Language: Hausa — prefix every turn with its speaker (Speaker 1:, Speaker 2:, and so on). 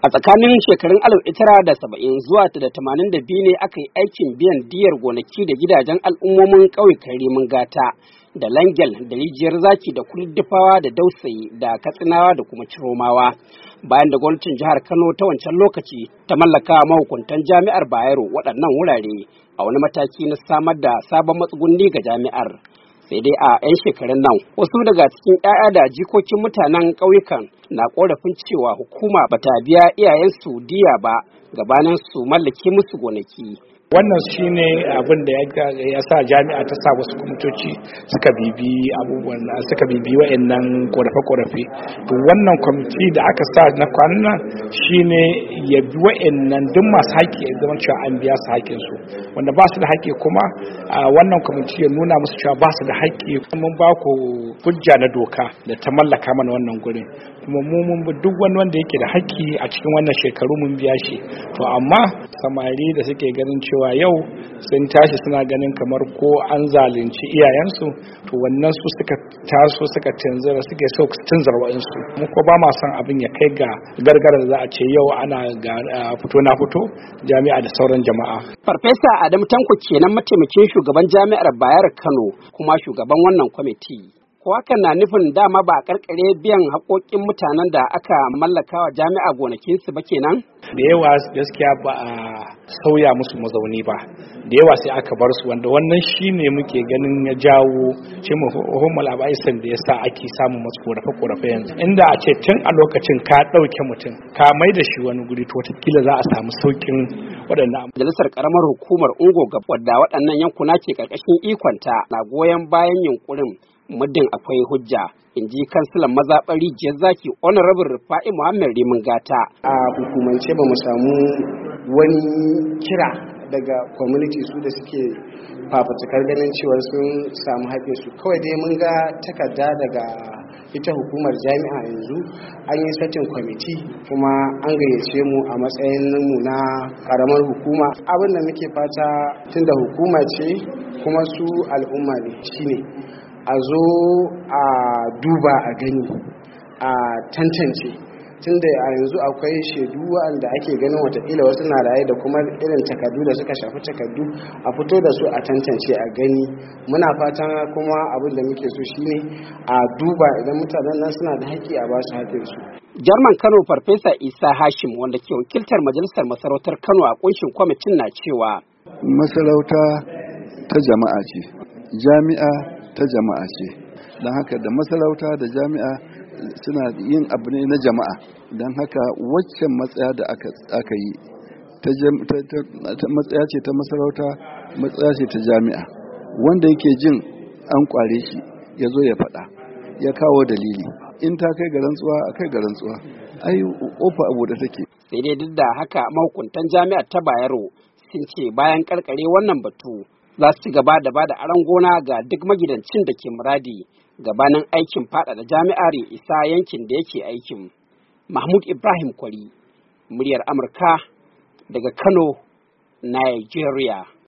Speaker 1: A tsakanin shekarun alif itara da saba'in zuwa da tamanin da biyu ne aka yi aikin biyan diyar gonaki da gidajen al'ummomin ƙauye karimin gata da langel da rijiyar zaki da kuldufawa da dausayi da katsinawa da kuma ciromawa bayan da gwamnatin jihar kano ta wancan lokaci ta mallaka mahukuntan jami'ar bayero waɗannan wurare a wani mataki na samar da sabon matsugunni ga jami'ar sai dai a 'yan shekarun nan wasu daga cikin 'ya'ya da jikokin mutanen ƙauyukan na korafin cewa hukuma ba ta biya
Speaker 2: iyayen su diya ba gabanin su mallake musu gonaki wannan shi ne abin da ya sa jami'a ta sa wasu kwamitoci suka bibi abubuwan suka bibi wa'annan korafe-korafe wannan kwamiti da aka sa na kwanan shi ne ya bi wa'annan duk masu haƙi ya zama cewa an biya su haƙƙinsu wanda ba su da haƙƙi kuma wannan kwamiti ya nuna musu cewa ba su da haƙƙi mun ba ku hujja na doka da ta mallaka mana wannan gurin kuma mu mun bi duk wani wanda yake da haƙƙi a cikin wannan shekaru mun biya shi to amma samari da suke ganin cewa yau sun tashi suna ganin kamar ko an zalunci iyayensu to wannan su suka taso suka suke so tunzura wa'insu mu ko ba ma son abin ya kai ga gargara da za a ce yau ana fito na fito jami'a da sauran jama'a
Speaker 1: farfesa Adam tanko kenan mataimakin shugaban jami'ar bayar kano kuma shugaban wannan kwamiti ko hakan na nufin dama ba a karkare biyan haƙoƙin mutanen da aka mallaka wa jami'a gonakinsu
Speaker 2: ba kenan? da yawa gaskiya ba a sauya musu mazauni ba da yawa sai aka bar su wanda wannan shi muke ganin ya jawo shi muhimmin labarisan da ya sa ake samun masu korafe korafe yanzu inda a ce tun a lokacin ka ɗauke mutum ka mai da shi wani guri to wataƙila za a samu sauƙin waɗannan majalisar ƙaramar hukumar ungo gab wadda
Speaker 1: waɗannan yankuna ke ƙarƙashin ikonta na goyon bayan yunkurin muddin akwai hujja in ji kansilan mazaɓar rijiyar zaki honorable rufa'i muhammad rimin gata a hukumance ba mu samu wani kira daga community su da
Speaker 3: suke fafatakar ganin cewa sun samu haƙƙin su kawai dai mun ga takarda daga ita hukumar jami'a yanzu an yi satin kwamiti kuma an gayyace mu a matsayin mu na karamar hukuma abin da muke fata tun da hukuma ce kuma su al'umma ne shine a zo a duba a gani a tantance tunda a yanzu akwai shaidu wanda ake ganin watakila wasu na raye da kuma irin takardu da suka shafi takardu a fito da su a tantance a gani muna fatan kuma abin da muke so shine a
Speaker 1: duba idan mutanen nan suna da haƙƙi a ba su jarman kano farfesa isa hashim wanda ke wakiltar majalisar masarautar kano a kunshin kwamitin na cewa
Speaker 4: masarauta ta jama'a ce jami'a ta jama'a ce don haka da masarauta da jami'a suna yin abu ne na jama'a don haka waccan matsaya da aka yi ta matsaya ce ta masarauta matsaya ce ta jami'a wanda yake jin an kware shi ya zo ya faɗa ya kawo dalili in ta kai ga rantsuwa a kai ga rantsuwa ai ofa abu da take
Speaker 1: sai dai duk da haka mahukuntan jami'ar ta bayero sun ce bayan karkare wannan batu za su ci gaba da bada aron gona ga duk magidancin da ke muradi gabanin aikin faɗaɗa jami'ar isa yankin da yake aikin. Mahmud Ibrahim Kwari, muryar Amurka daga Kano, Nigeria.